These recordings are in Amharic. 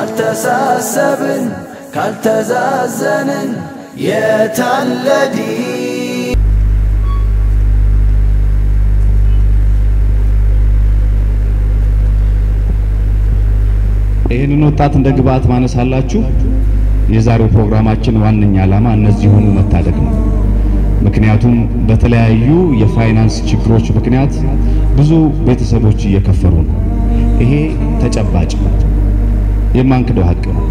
ካልተሳሰብን ካልተዛዘንን የታለዲ ይህንን ወጣት እንደ ግብአት ማነስ አላችሁ። የዛሬው ፕሮግራማችን ዋነኛ ዓላማ እነዚሁን መታደግ ነው። ምክንያቱም በተለያዩ የፋይናንስ ችግሮች ምክንያት ብዙ ቤተሰቦች እየከፈሩ ነው። ይሄ ተጨባጭ የማንክደው ሀቅ ነው።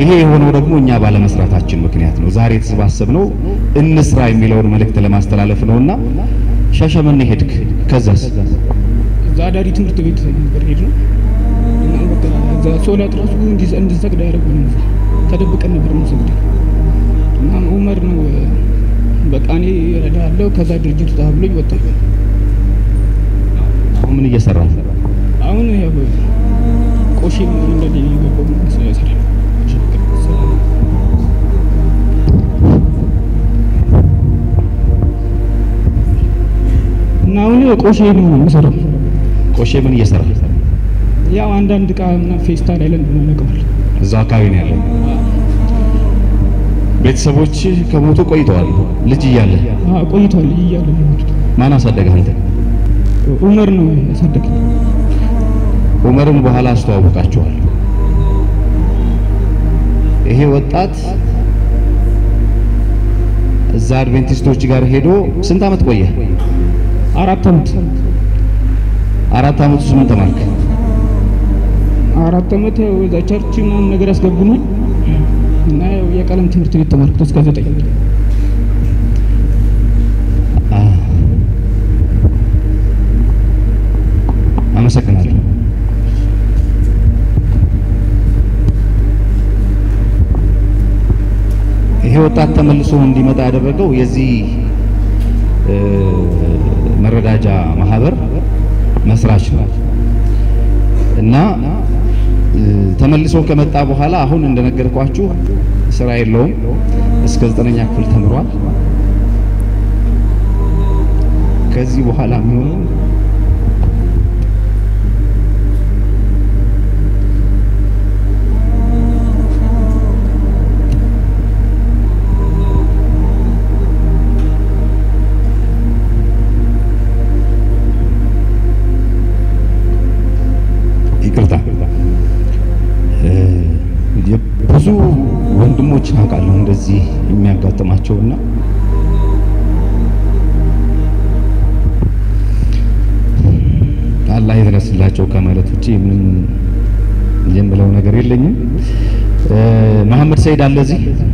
ይሄ የሆነው ደግሞ እኛ ባለመስራታችን ምክንያት ነው። ዛሬ የተሰባሰብነው እንስራ የሚለውን መልእክት ለማስተላለፍ ነውና ሻሸመኔ ሄድክ፣ ከዛስ እዛ አዳሪ ትምህርት ቤት ነበር ሄድ ነው እዛ ሶላት ራሱ እንድንሰግድ አያደርጉንም። ተደብቀን ነበር ምንሰግድ እና ዑመር ነው በቃ እኔ እረዳለሁ ከዛ ድርጅት ውጣ ብሎኝ ወጣሁ። አሁን ምን እየሰራ አሁን ያው 오신 እና አሁን ቆሼ ነው የምሰራው። ቆሼ ምን እየሰራ? ያው አንዳንድ እቃ እና ፌስታል አይለን እዛ አካባቢ ነው ያለው። ቤተሰቦች ከሞቱ ቆይተዋል። ልጅ እያለ ቆይተዋል። ልጅ እያለ ማን አሳደገ አንተ? ነው ያሳደገኝ። ኡመርን በኋላ አስተዋውቃቸዋል። ይሄ ወጣት እዛ አድቬንቲስቶች ጋር ሄዶ ስንት አመት ቆየ? አራት አመት። አራት አመት ውስጥ ምን ተማርክ? አራት አመት ወደ ቸርች ምናምን ነገር ያስገቡናል እና የቀለም ትምህርት ቤት ተማርኩት እስከ ዘጠኝ ይህ ወጣት ተመልሶ እንዲመጣ ያደረገው የዚህ መረዳጃ ማህበር መስራች ነው እና ተመልሶ ከመጣ በኋላ አሁን እንደነገርኳችሁ ስራ የለውም። እስከ ዘጠነኛ ክፍል ተምሯል። ከዚህ በኋላ የሚሆነው ብዙ ወንድሞች አውቃለሁ እንደዚህ የሚያጋጥማቸውና አላህ ይድረስላቸው ከማለት ውጭ ምንም የምለው ነገር የለኝም። መሐመድ ሰይድ አለ እዚህ